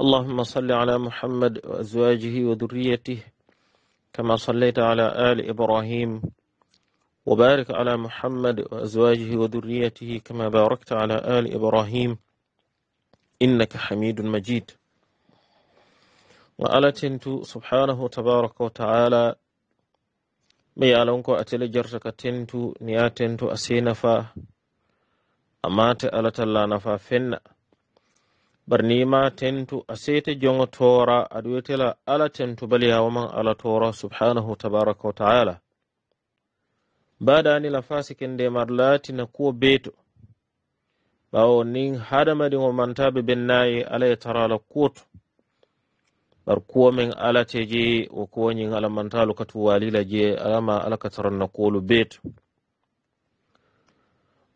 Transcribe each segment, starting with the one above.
اللهم صل على محمد وأزواجه وذريته كما صليت على آل إبراهيم وبارك على محمد وأزواجه وذريته كما باركت على آل إبراهيم إنك حميد مجيد وعلى تنتو سبحانه تبارك وتعالى mai alanko أتل tilijarta تنتو ni ya tintu a sinafa نفا mata barnima tentu asete jongo tora aɗa wiyetela ala tentu baliyawoman ala tora subhanahu tabaraka wa taala baɗani lafasi kende mar latina kuwo beto ɓawo nin hadamadi o mantaɓe bennayi ala e tarala kuwoto bar kuwo min alate je o kuwoñin ala mantalo katu walila je alama ala katarana kuwolu beto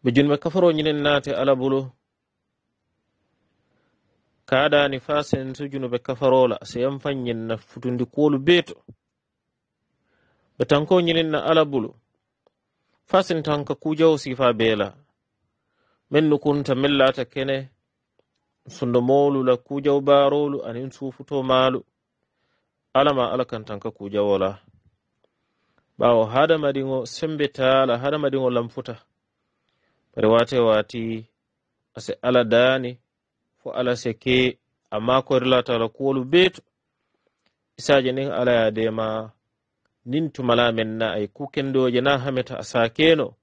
ɓe junɓe kafaro ñinen nate ala bolo kaɗani fa sen sujunu ɓe kafarola siyan fayinna futundi kolu beto ɓe tanko ñininna alabulu fa sen tanka kujawo sifa bela min nu kunta min lata kene sundo molu la kujaw barolu anin sufuto malu alama ala kan tanka kujawola ɓawo hadamaɗio sembe tala hadamaɗio lamfuta ɓere wate wati ase ala dani fo ala sikke amma ko relatala kuwolu beeto isaji nin ala yadema nin tumala men na ay kukendoje na hameta asakeno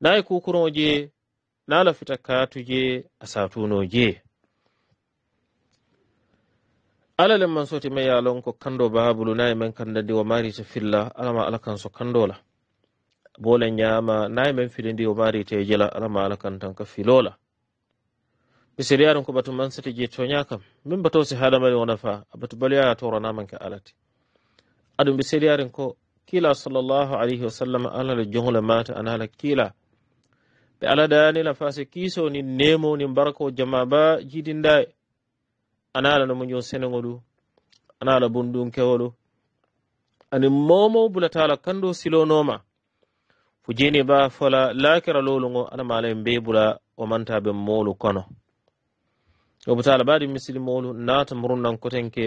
na ay kukuroje na lafita katuje asatunoje ala lemman soti ma yalon ko kando babulu nayi men kandadi wo marite filla alama alakan so kandola bolen yama nayi men filidi wo marite jela alama alakan tan ka filola mi seriyaron ko batu mansati je coñakam min batow si haalamari wonafa abatu baloyaya toranamanke alati aɗum mi seriyarin ko kila sallllahu alayhi wasallam alah le jongle mata anala kila ɓe ala ɗanila fase kiiso ni nemo ni barako jama ba jidinda anala nomo jon senegoɗu anala bonɗum kewoɗu ani momo bulatala kando silonoma fojeni ba fola lakira lolugo alamala en be bula o mantaɓe molu kono wobo taala mbaɗi misilimolu naata murunan kotenke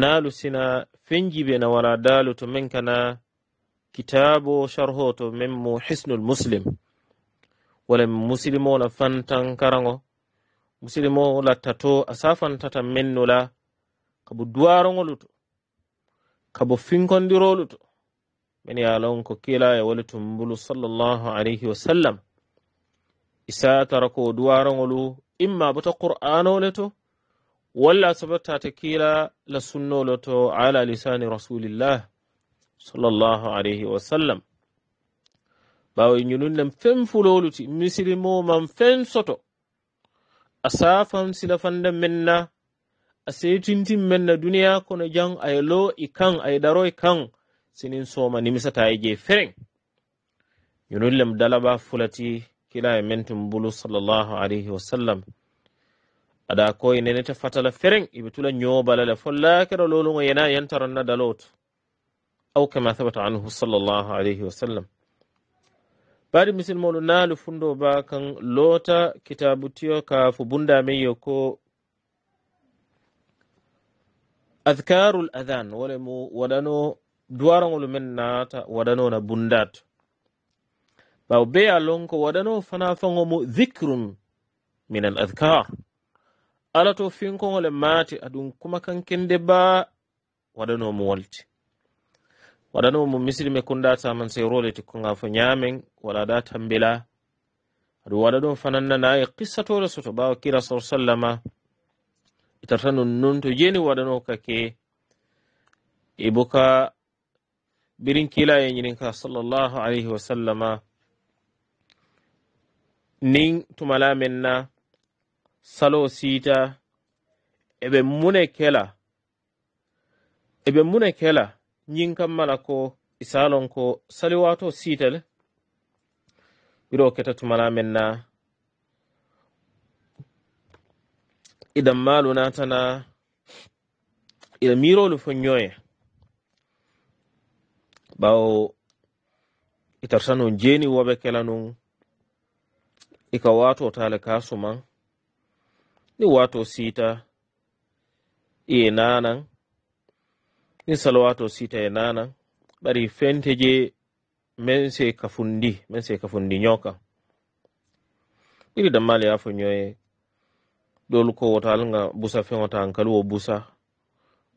naalu sina fenjiɓe na wala daalu to min kana kitabo sharho to min mo hisnul muslim wala mi musilimola fantan karago musilimo latta to asa fantata minnula kabo duwarogoluto kabo finkondiroluto min yalon ko kila e wali tumbulu sallllahu alayhi wa sallam isa tara ko duwarogolu imma boto qur'anole to walla ta kila la sunnole to ala lisani rasulillah sallallahu alaihi wa sallam ɓawo ñununden fen fuloluti misilimo man fen soto a safan silafande minna a setintin minna duniya kono jan aye lo i kan aye daro i kan sinin soma nimisata e je feren ñunullem dalaba fulati kila e mentum mbulu sallllahu alayhi wa sallam aɗa koye nenete fatala fereng iɓe tula ñoobalale fo laakero lolugo yana yantaronna dalot aw kama thabata anhu sallllahu alayhi wa sallam baɗi misil moɗo naali fundo ba kan loota kitabu tiyo kaafo bundameyo ko adcarul adan wala mo waɗano duwarogolu men naata waɗanona bundat ɓaw be allon ko waɗano fana fango mo dicrun min al adcar ala to finkogole maati aɗum kuma kankinde ba waɗanomo wolti waɗanomo misri me kun dataman sey roleti konga fo ñamen wala da tambila aɗum waɗano fananana e qissatore soto ɓawa kira sa sallama itata non noon to jeni waɗano kake e boka birinkila e ñininka sallllahu alayhi wa sallama nin tumala men na salo siita eɓe mune kela eɓe mune kela yin kammana ko isalon ko saliwato siitel ɓiro keta tumala men na idan malu natana ida mirolu fo yoye ɓawo itarsa nun jeni woɓe kela nun ika wato tale kaso man ni wato sita iye nanan ni salwato sita ye nanan ɓari fenteje men se kafundi men se kafundi yokan ɓiri dammali yafo yoye dol ko wota alga busa feota ankalu wo busa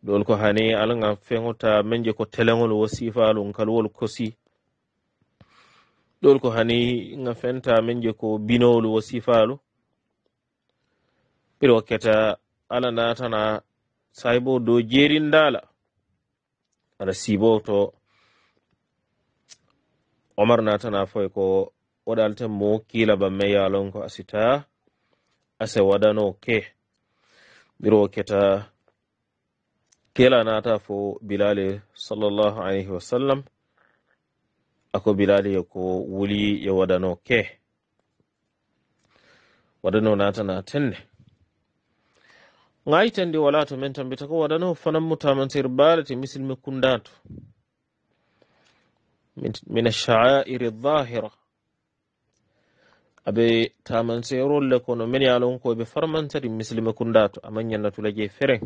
dol ko hani alga feota menje ko telegol wo sifalu nkalu wol kosi ɗol ko hani ga fenta men je ko binolu wasifalu ɓiɗa wakketa ala natana sahibo dow jerindala aɗa sibo to omar natana foy ko waɗalte mo kila bamme yalon ko asita ase waɗano ke ɓiɗa wakketa kela nata fo bilali sallllahu alayhi wasallam ako bilali ko wuli ya wadano ke wadano na tana tenne ŋa yitandi walato men tambita ko wadano fanam mutaman sir balati misil me kundatu min ash-sha'air adh dhahira abe taman tamanserol le kono men be farman tari misil me kundatu amanya aman yannatula je fere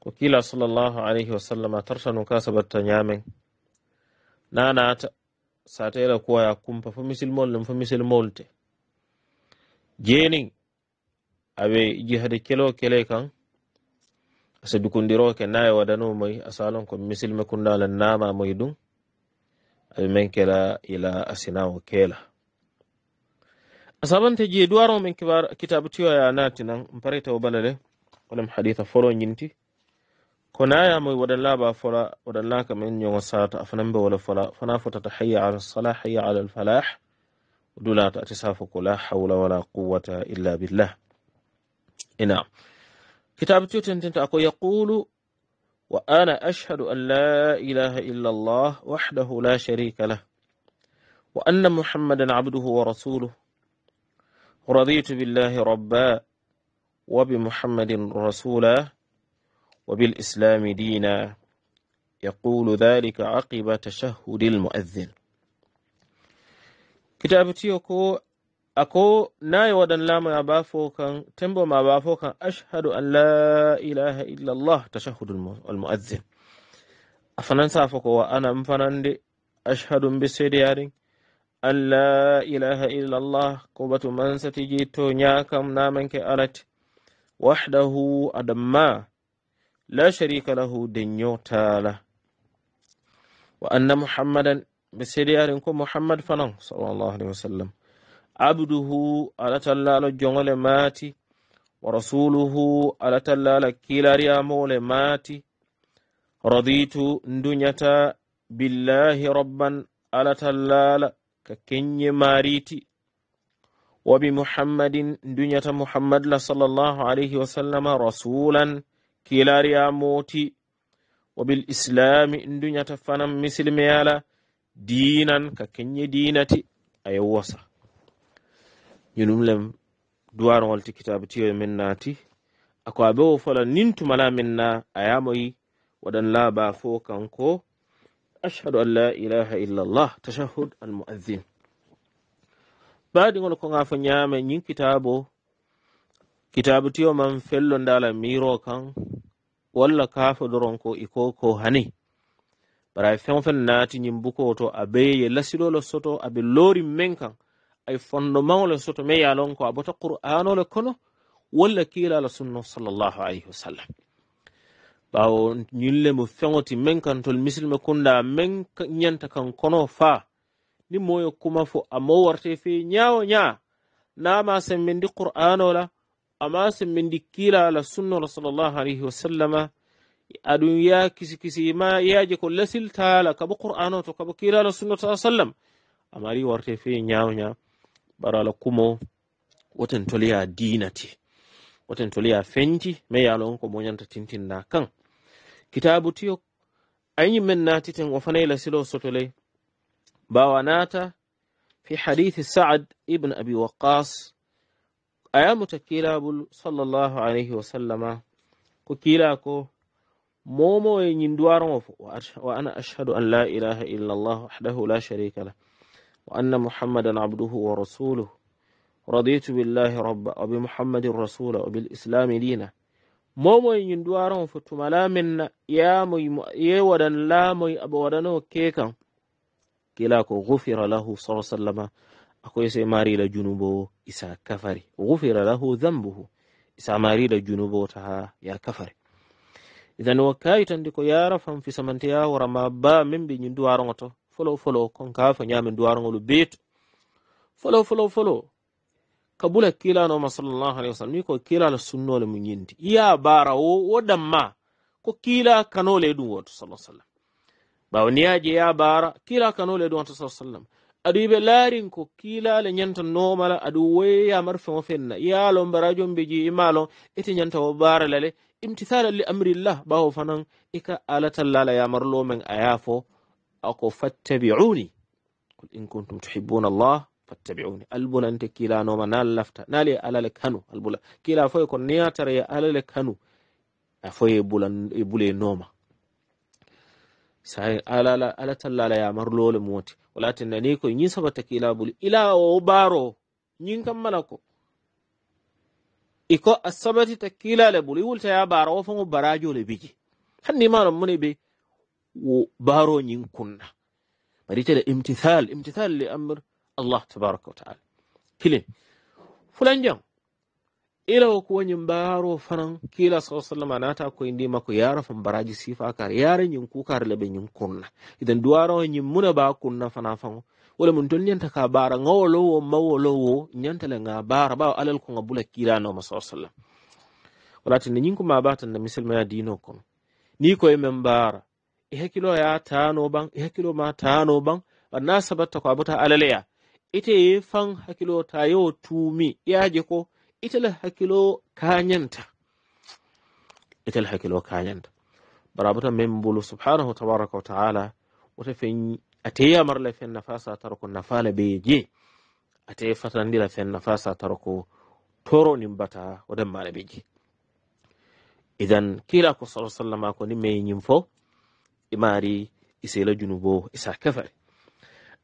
ko kila sallallahu alayhi wa a tarshanu ka sabatta nana satela kuwaya kumpa fo misilmol lem fo misilmol te jeeniŋ aɓe jihade kelo kele kan asa dukundiro ke naye wadano moy asalon ko misilme kundala nama moy ɗum aɓe men kela ila asinawo kela asabante je duwaro men kibar kitabu tiyoya nati nan mparita taw balale walam haditha folo ñinti كنايا مي ود الله با ود الله كم يوم سات أفنم بي ولا فلا فنا على الصلاح حيا على الفلاح ودولا تأتسافك لا حول ولا قوة إلا بالله إنا كتاب تيوتن تنت أكو يقول وأنا أشهد أن لا إله إلا الله وحده لا شريك له وأن محمدا عبده ورسوله رضيت بالله ربا وبمحمد رسولا وبالإسلام دينا يقول ذلك عقب تشهد المؤذن كتابتي تيوكو أكو ناي ودن لام أبافو تنبو ما أبافو أشهد أن لا إله إلا الله تشهد المؤذن أفنان سافوكو وأنا مفنان دي أشهد بسيديارين أن لا إله إلا الله قوبة من ستجيتو نياكم نامنك ألت وحده أدما لا شريك له دنيو تالا وأن محمدا بسيريارنكم محمد فنان صلى الله عليه وسلم عبده على تلال جنغل ماتي ورسوله على تلال كيلاري أمول ماتي رضيت دنيا بالله ربا على تلال ككني ماريتي وبمحمد دنيا محمد صلى الله عليه وسلم رسولا kilari ya moti wabil islami indunyata fanan misilme yala dinan ka kenye dinati aya wasa yunumlem duwar walti kitabu tiyo minna ti ako abe wo fola nintu mala minna ayamo yi wadan la ba fo kanko ashhadu an la ilaha illa llah tashahud al mu'adhin badi ngol ko nga fo nyame nyin kitabo kitabu tiyo man fello ndala miro kan walla kafa doron ko iko e ko hani bara fenfen naati yimbuko to abe ye lasiɗole soto aɓe lori men kan ay e fondomawle soto me yalon ko abota qur'anole kono walla kiilala sunna sallllahu alayhi wasallam ɓawo yille mo feŋoti men kan tol misilme kunda men yanta kan kono fa ni moyo kuma fo amo warte fe yawo yaa nama sembe ndi qur'anola amase min dikkila la sunnora sallllahu alayhi wasallama aɗum ya kisikisima yaje ko lasil taala kaɓa qur'an o to kaɓa kilala sunna sa sallam amari warte fe ñawña ɓara kumo woten toliya dinati woten toliya fenci ma yalon ko moñanta tintinna kan kitabu tiyo ayi men natiten o fanayi lasilo sotoley bawa nata fi hadithi saad ibne abi waqas ayamu ta kilabul sallallahu alayhi wa sallama ko kiila ko momo e ñinduwaromo ngofu wa ana ashadu an la ilaha illa Allah ahdahu la sharika la wa anna muhammadan abduhu wa rasuluhu raditu billahi rabba wa bi muhammadin rasula wa bil islami dina momo e ñinduwaromo ngofu tumala minna ya mu ye wadan la mu abu ke kekan kila ko gufira lahu sallallahu wa sallama ako isa marila junubo isa kafari ghufira lahu dhambuhu isa marila junubo taha ya kafari ihan wakkayi tandi ko yara fam fi samantiya worama ba min be ñin duwarogo to folo folo konkafa ñamin duwarogolu beeto folo folo folo kabula kilanoma salllahu alehi wasallam ni ko kilala sunnole mu ñindi iya bara wo wo damma ko kila kanole e ɗum wonto sa sallam bawa niya jeya bara kila kanole e ɗum wonto sa sallam aɗum yiɓe laarin ko kiilale ñanta nomala aɗum woyyamar fewo fenna yalon barajom be jeyi malon ete ñantawo baralale imtisala li amrillah ɓawo fanan ika alatallala yamarlomen a yafo ako fattabiuni qul in kuntum tuhibuna allah fattabiuni albunante kilanoma na lafta nali alale kanu albula kila foye ko niyatara ye alale kanu a foye bule noma sa alatallala yamarlole moti walatin na ne ko saba ta kila bul ila o baro yin kan mana ko iko asabati ta kila le bul iwul ta ya bara wa fangu barajo le biji hanni ma malam mune be wo baro yin kunna bari ta da imtithal imtithal li amr Allah tabaraka wa ta'ala kilin fulan jan ila wo kuwo ñiŋ bayaaroo fanaŋ kiila sa sallam a naata koyindima ko baraji sifa kar yaara ñiŋ kukaari le be ñiŋ kunna iten duwaraŋo ñiŋ muna baa kunna fana faŋo wo mun tol ñanta ka baara ŋa wo lo wo ma le ŋa baara bawo alal ko ŋa bula kiilanoma sa sallam walati ne ñiŋ ko ma baatan na misilmaya diino kono ni koye meŋ baara i hakkiloo ye a taano baŋ i hakkiloo ma taano baŋ bari naŋ ko a buta ite ye faŋ hakkiloo taa ye wo je ko itala hakkilo kañanta itala hakkilo kañanta barabata men subhanahu tabaraka wa taala wota fen ateyamarla fen nafasa tara ko nafala beye fatandila fen nafasa tara toro nin bata wodan mala kila ko sallama ko ni mai imari isela junubo isa kafari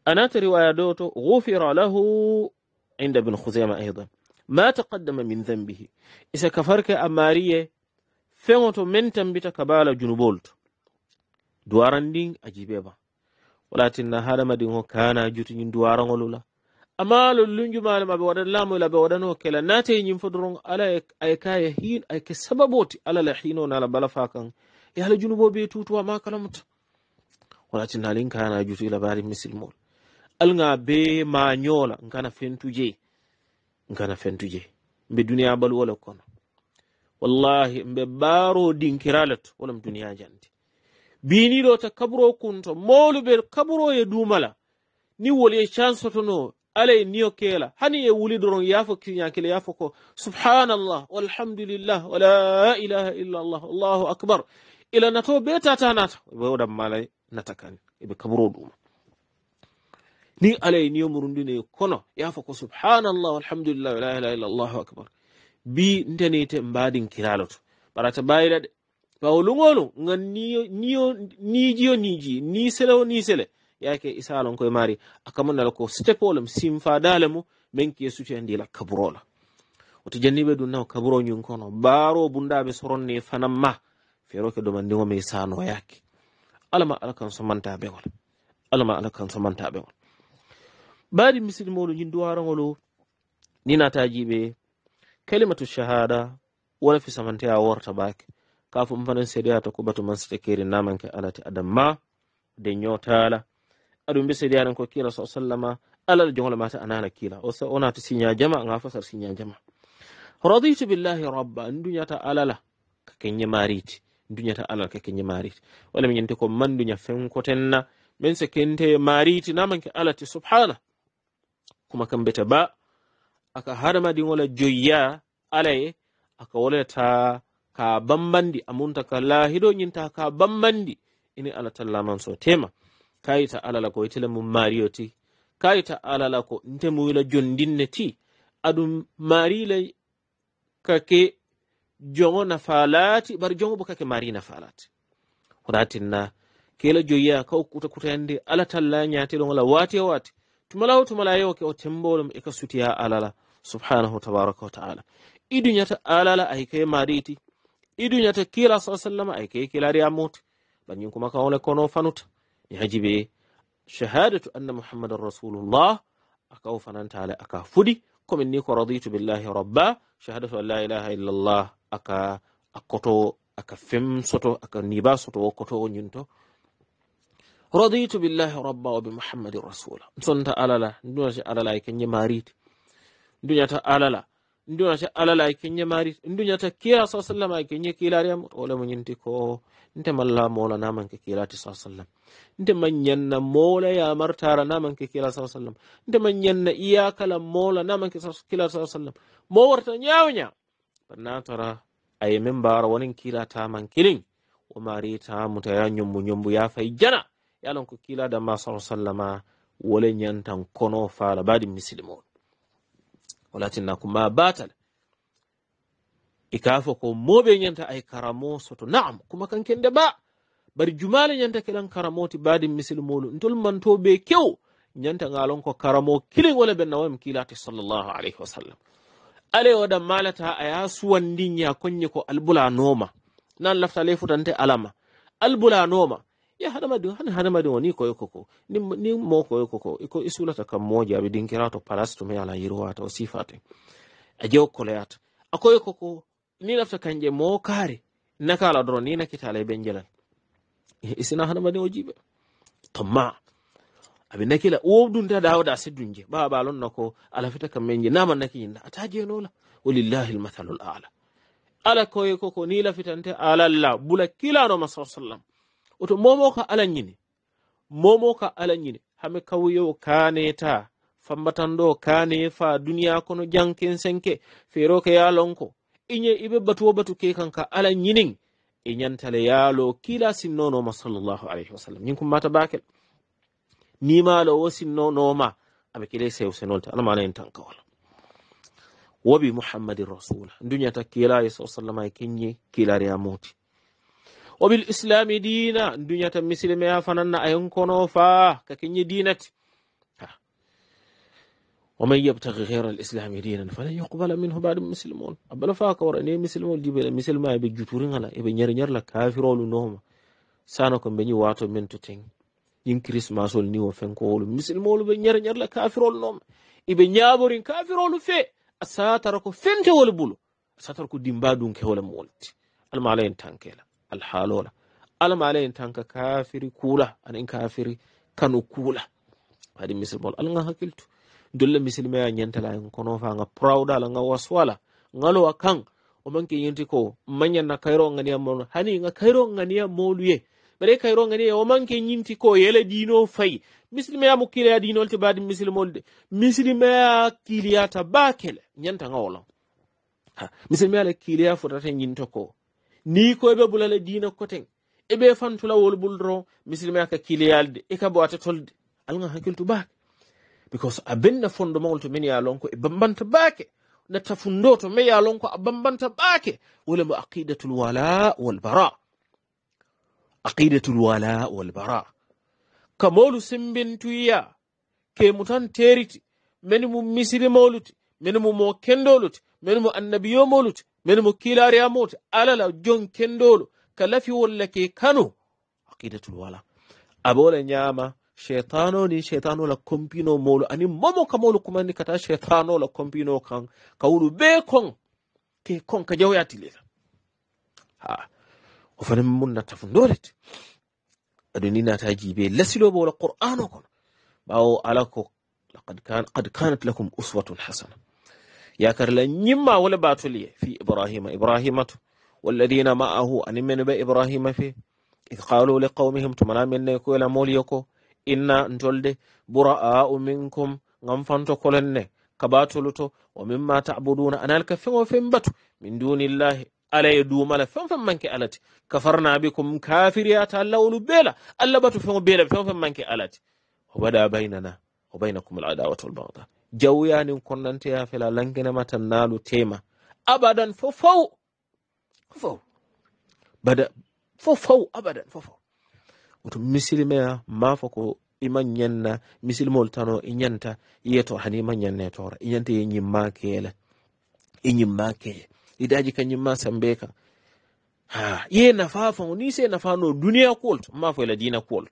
anata riwaya doto ghufira lahu inda bin khuzaima aidan ma taqaddama min dambihi ise ka farke a maariye feŋoto meŋ tambita ka baala junubol to duwaran ndin a jibeba walatinna hadamadiŋo kana jutuñin duwaraŋolu la amma lollunjumalum aɓe waɗan laamol aɓe waɗano kela natee ñin fo doron ala e, ay kaye hin ay ke sababoti ala la hino nala bala fa kan e ala junubo ɓe tutuwa ma kalamuta walatinna lin kana jutu i labari misilmol alga be mañola nkana fentujeyi ngana fentu je mbe duniya bal wala kono wallahi mbe baro dinkirala to wala duniya jandi bini do ta kaburo kunto mawluɓe kabro e dumala ni woli e chance tono alay niyo kela hani e wuli doron yafo kiñakele yafo ko subhanallah walhamdulillah wala ilaha illa allah allahu akbar ila nato be tatanata ɓe malai natakan natakani eɓe kaburo ɗuma ni alay niyo murundine kono yafa ko subhanallah walhamdulillah la ilaha illa allahu akbar bi ntenete mbaɗin kiraloto ɓarata bayila ɗe bawolugolu gan niyo nijiyo niji ni sele o ni sele yake isalon koy mari akamanala ko stepolum simfa dalemu men ke sutiyandila kaburola woto janniɓe dun naw kaburo nyun kono baaro bundaɓe soronne Fero ke feroke ɗomandigo me sano yake alama ala be wala alama ala be wala baɗi misilmolu jindu haraŋolu ni na ta jibe kalimatu shahada wala fi ya warta bake kafum fanan sedeyata ta kubatu man sita naman ka alati adam ma de ñotala aɗum be sedeyaɗan ko kila sa sallama alala jongole mata anala kila ta sinya jama ga fasar sinya jama raditu billahi rabba ta alala ka kenye mariti ta alala ka kenye mariti wala mi ñante ko manduña fenkotenna min se kente mariti ka alati subhana kuma kan beta ba aka harma din wala joyya alaye aka wala ta ka bambandi amunta ka lahido nyinta ka bambandi ini ala talla man so tema kayita alala ko itele mum marioti ti ala alala ko ntemu wala jondinne ti adum marile kake jongo na falati bar jongo bokake mari falati kudatinna kela joyya ka kuta kutayande ala talla ñatelo wala wati wati tumalawo tumalayo ke o tembolum e ka sutiya alala subhanahu tabaraka wa taala i duñata alala ay keye maɗiti i duñata kila sa sallam ay keye kilari a muti ɓanñin kuma kan ole kono fanuta ni hajibe shahadatu anna muhammadan rasulullah aka o fanantale aka fuɗi komin ni ko raditu billahi rabba shahadatu an la ilaha illallah aka a koto aka fem soto aka niba soto wo koto o ñinto raditu billahi rabba wa bi muhammadin rasula sonta alala ndunata alala e kenñe mariti nduñata alala nduñata alala e kenñe mariti nduñata kila sa sallam e kenñe kilari amut olemo ñinti ko nte malla mola namanke kilati sa sallam nte mañanna mola yamartara namanke kila sa sallam nte mañanna iyakala mola namanke kila sa sallam mo warta ñawña banna tara aye min mbara wonin kila taman kilin wo mari ta mutaya ñombu ñombu yafay jana ye lon kila da masu sallama wole yantan kono fara badin misilimo walatin na kuma batal ikafa ko mobe yanta ay karamo soto naam kuma kankende ba bari jumale ñanta kelan karamoti baadi misilmolu ntol be kew yanta ngalon ko karamo kilin wala ben nawam kila sallllahu sallallahu wa wasallam ale waɗa malata aya dinya konñe ko albula nan lafta ley futante alama albula ya hadamadu hani hadamadu hadamadenw ko yoko ko ni ni mo ko yoko ko iko isulata kam moja abi dinkirato parasto me ala yirwata o sifate aje o koleyata yoko ko ni lafta kanje mo kari nakala doro ni nakitala e benjelan isina hadamadu o jiɓe tomma aɓe nakila ta dawda seddunje baba balon nako ala fita kam men je naman naki yinna ata jenola walillahi almathalul l ala ko yoko ko ni lafitante alalla bula kilano masa sallam oto momo ka alayini momo ka alayini hame kawuyo kaneta fambatanɗo kane fa duniya kono janken senke feroke yalonko iñe iɓe batuwo batu ke kan ka ala ñinin e ñantale yaalo kila sinnonoma sallllahu alayhi wa sallam min kummata bakel nimalo wo sinnonoma aɓe kile sew senolte alamana en tan kawala wobi muhammadin rasula duñata kilayi sa sallam ay keñe kilari amuti وبالإسلام دينا الدنيا تمثل ما فننا أينكونو فا ككني دينتي ومن يبتغي غير الإسلام دينا فلن يقبل منه بعد المسلمون أبلا فاك ورأني مسلمون دي بلا مسلم ما يبي جتورين على يبي نير نير لا كافرون نوما سانو كم بني واتو من تتين ين christmas ol ni wo fen ko wolu misilmolu ɓe نير ñerla kafirol noon iɓe ñaborin kafirolu نيابورين كافر satara في أساتركو فنتو bulo بولو أساتركو ko dimba ɗum kewole mo تانكيلا alhalola alamaala en tan ka kafiri kula ana en kafiri kano kuula adi misilmol alga hakkiltu dolla misilmaya ñantala en kono fa nga prawdala nga waswala ngalo kan o manke yinti ko manya mañanna kayro ganiya mon hani nga kairo ngani ganiya moluye bare kayro ganiya o manke yinti ko yele dino fay fayi misilmaya mo ya dino te badi misilmol de misilmaya kiliyata bakele ñanta nga wolon misilmaya la kiliya fotata yinto ko ni ko ebe bulale diina koten e fantula wol buldro misilima ka kileyalde e ka bowata tolde alnga hakiltu baake because abinda fondemagol to men yalonko e bambanta baake na tafundo to me yalonko a bambanta baake wala mu aqidatul wala wal bara aqidatul wala wal bara kamolu simbintuyiya ke mutan teriti meni mu misiri moluti meni mu mo kendoluti meni mu min mukilari amut alala jonkendolo kalafi wolla ke kano aqidatul wala abola ñama sheitano ni sheitano la kompino molo ani momo kamolu kumandi kata sheitano la kompino kan kawulu be kon ke kon ka jawyatilila ha o fana mun natta fundoret adoni nata jibe lasiloɓe wala qur'an o kono ɓawo ala ko qad kanat lakum uswatun hasana يا كرل نيما ولا باتولي في إبراهيم إبراهيم والذين معه أن من إبراهيم فيه إذ قالوا لقومهم تمنا من كل موليكو إنا نجلد براء منكم غنفنتو كلن كباتولتو ومما تعبدون أنا الكفر وفهم بتو من دون الله على يدوم على فهم فهم منك ألت كفرنا بكم كافر كافريات الله ولبلا ألا بتو فهم بلا فهم فهم منك ألت وبدأ بيننا وبينكم العداوة والبغضاء jawyanin ya fela langenema tan nalu tema abadan fofau fofau bada fofau abadan fofau faw oto misilimeya mafo ko ima ñanna misilimol tano inyanta yeto hani ima ñanne tora i ñanta ye ñimma keele i ñimma keye i daji ha ye nafa fan ni se nafa no duniya kuwol ma fo ila dina kuwol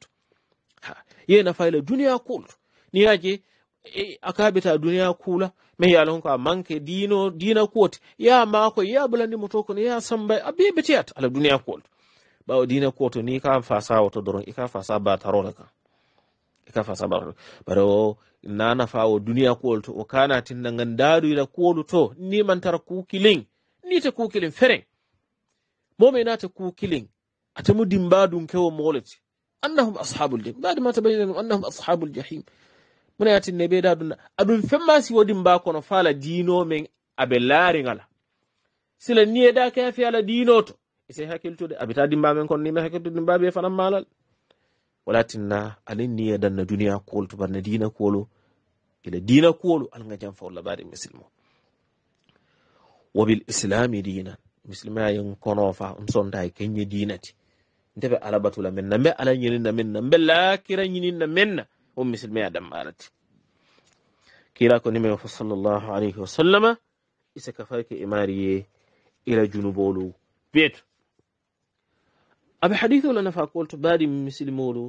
ha ye nafa ila duniya kuwol to ni yaje E, a kabita duniya kula me yalon a manke dino dina kot ya mako ya bulandi motoko ya san bai abibe tiyat ala duniya ba bawo dina koto ni ka fasa wato doron ika fasa ba taro da ka ika fasa ba baro na na fawo duniya kol to o kana gan daru da kolu to ni man tar kukilin ni ta kukilin feren momi na ta kukilin atamu dimbadun kewo molet annahum ashabul jahim da ma tabayyana annahum ashabul jahim muna yatinne be daduna aɗum femma si wodi mba kono faala diino men aɓe laari ngala sila niyeda kafe ala diino to ese hakkiltude abita dimba men kono nime hakkiltude mbaɓe fanan malal wala tinna anin niyedan na duniya kuwol to barna dina kuwolo ila dina kuwolo alga jan fawol labari misilmo wabil islami dinan misilma yen kono fa um sonda e kenye dinati alabatula men na mbe ala ñininna men na mbe laakira ñininna na adam kila ko alayhi wa sallama isa അലഹി വസ്ല്ലമ ഇസക്കഫയ്ക്ക് ഇമാരിയെ ഇല ജുനുബോളു വേറ്റു aɓe hadithola nafa kolto baari misilimoɗo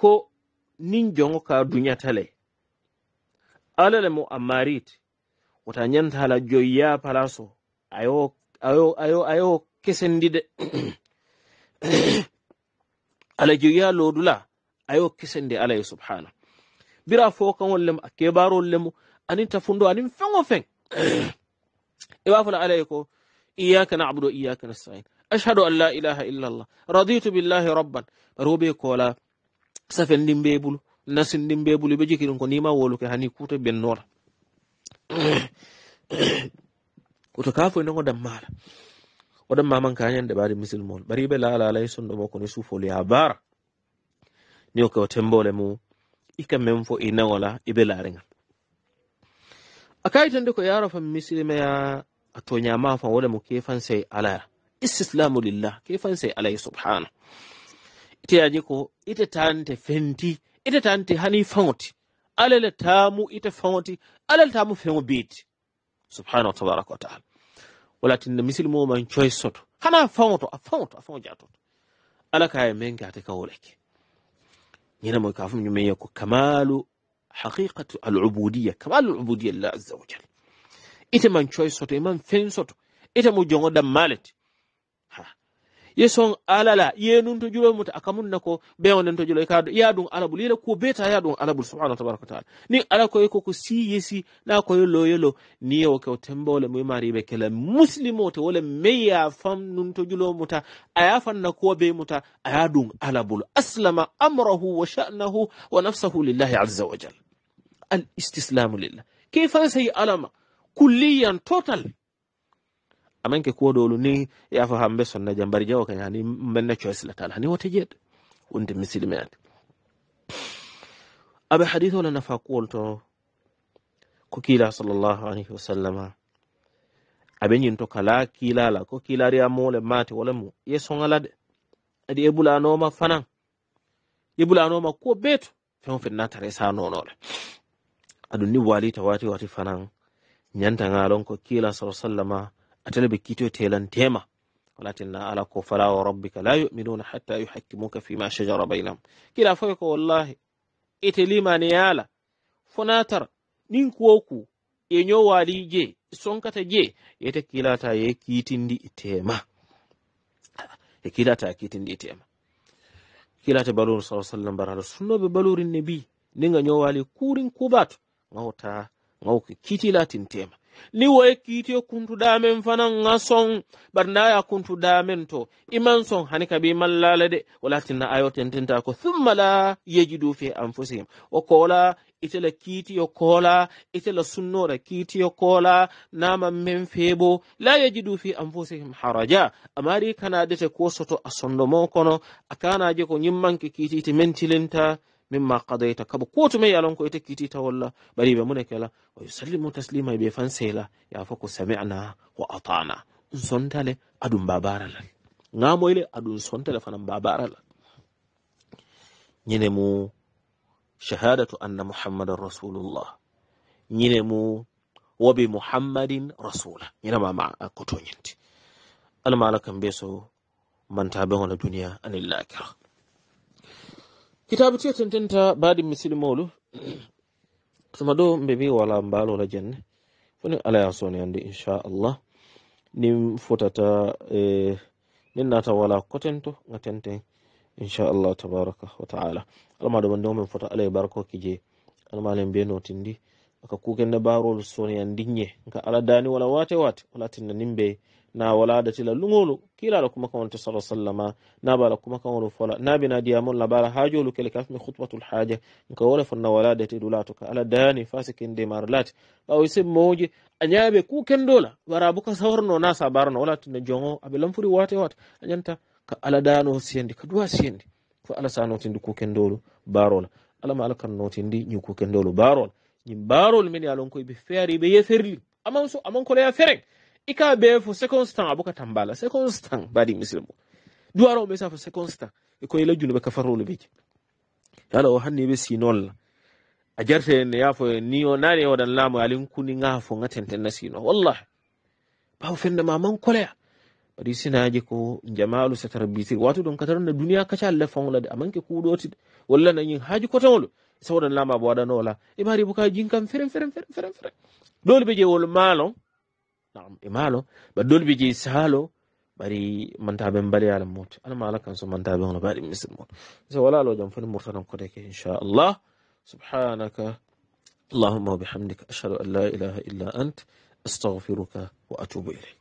ko nin jongo ka duñatale alale mo a marit wota ñanta hala joyya palace o ayo ayo ayo ayo kesendi ala joyya lodula ayo kisende alaye subhana bira fo kaŋol lemu a kebarol lemu anin tafundo anin feŋo feng e wafola alaye ko iyaka nabudu wa iyaka nastain ashhadu an la ilaha illa allah raditu billahi rabban bari kola safendin be bulu nasindin be bulu be jikirin ko nima woluke hani kuta bennora koto kafo nen o dammala o dammaman kañande ɓaade misilmol ɓari ɓe laalalay sonɗomo kono suufol ya bara ni wo ke wo tembole mu ika ka meŋ fo i nawo la i ko yaaro faŋ misilimeya a toñama faŋ wo lemu ala istislamu lillah ke ala subhana ite ko ite tante fenti ite tante hani faŋo ti ala ite faŋo ti ala le taamu feŋo bee tabaraka wa taala wala tinna misilimo maŋ soto hana faŋo to a faŋo to a faŋo jatoto ala nyina mo ka fum nyume ko kamalu haqiqatu al-ubudiyya kamalu al-ubudiyya lillahi azza wa jalla ite man choy soto e man fen soto ite mo jongo dam malati ye son alala ye nun to julo muta akamun nako be wonen to julo kado ya dun alabu yele ko beta ya dun alabu subhanahu tabaraka taala ni ala ko ko ko si yesi na ko yelo yelo ni o ko tembo le muy mari be kala muslimo to wala meya fam nun to julo muta aya fan na ko be muta aya dun alabu aslama amrahu wa sha'nahu wa nafsahu lillahi azza wa jalla al istislamu lillah kayfa sai alama kulliyan total amanke kuwo dolu ni yafa hambe sonna jambari jawo kanya hani menna choice la tala hani wote jed unti misilime ati abe hadith wala nafa kuwol to ko kila sallallahu alaihi wasallama abe nyin to kala kila la ko kila riya mole mate wala mu ye songala de adi ebula noma fanan ebula noma ko betu fen fen na tare sa nonole adun ni wali tawati wati fanan nyanta ngalon ko kila sallallahu alaihi wasallama atele ɓe kitoytelantema walatinna ala ko fala wa rabbika la yuminuna hatta yuhakkimuka fima shajara bainahum kila foke ko wallahi ite limani yaala fonatar nin kuwoku e ñowali je sonkata je yete kilata ye kitindi itema e kilata kitindi itema kilata baluru sa sallam barala sunnoɓe balurin ne bi ndinga kurin kubato gawta gawko kitilati ntema ni woye kiitiyo kuntuɗamen fana ga son barnaya kuntuɗamen to iman son hani kabi iman lala de walatinna ayo tententa ko thumma la yejidu fi anfusihim o koola itela kiitiyo koola itela sunnora kiitiyo koola nama men feebo la yejidu fi anfusihim haraja amari kanadete ko soto a sondomo kono akanaje ko yimmanke kiiti ite mentilenta mimma qadayta kabo ko to mai yalon ko ita kiti ta bari be muna kala wa yusallimu taslima be fansela ya fa ko sami'na wa ata'na sontale adun babara lan ngamo adun sontale fanan babara lan mu shahadatu anna muhammadar rasulullah nyine mu wa bi muhammadin rasula nyine ma ma ko to nyinti almala kan be so wala duniya anil akhirah kitabu tiyotententa baɗi misiɗi molu soma ɗo ɓe wi wala mbalola jenne foni alaya soni andi inchallah nin fotata e, nin nata wala kotento ga tenten inchallah tabaraka wa taala alamaɗomande omen fota alay barkoki je anmalen mbiye notindi aka kukenne barol soni andiñe ga ala dani wala wate wate wala tinna nin ɓe na waladatila luŋolu kiilala kuma kaŋolu te sala sallama na bala kuma kaŋolu fola na bina diya diyamol la bala hajolu kele kafmi khutbatul haja nka wole fonna tila lato ka ala dani fasikinde marlati ɓawo ise moje a ñaaɓe ku kendola bara buka sawarno na sabarno wala tinde jongo aɓe lamfuri wate wata a ka ala dano siyendi ka duwa siyendi fo ala sa sanotindi ku kendolu barola ala ma ala kan notindi nyu ku kendolu barola ñin barol men yalon koye ɓe feari ɓe yeferli aman so aman koleya fereng ika be fo second stan abuka tambala second badi muslimu duwaro be sa fo second ko ila junube ka farro be yala o hanne be sinol a ne ya ni o o dan lamu alin kuni nga ngaten ten nasino wallahi bawo fenda maman kolea bari sinaji ko jamalu satarbitir wato don katar na duniya kaca alla fonglade amanke kuɗoti walla na yin haji kotawol sawdan lama bo waɗano wala buka jin kam feren feren feren feren dole be je wol maalon نعم إمالو بدل بيجي سهلو باري منتابة مبالي على الموت أنا ما لك أنسو منتابة هنا باري مثل الموت إذا لو جنفن مرتنا مقريك إن شاء الله سبحانك اللهم وبحمدك أشهد أن لا إله إلا أنت استغفرك وأتوب إليك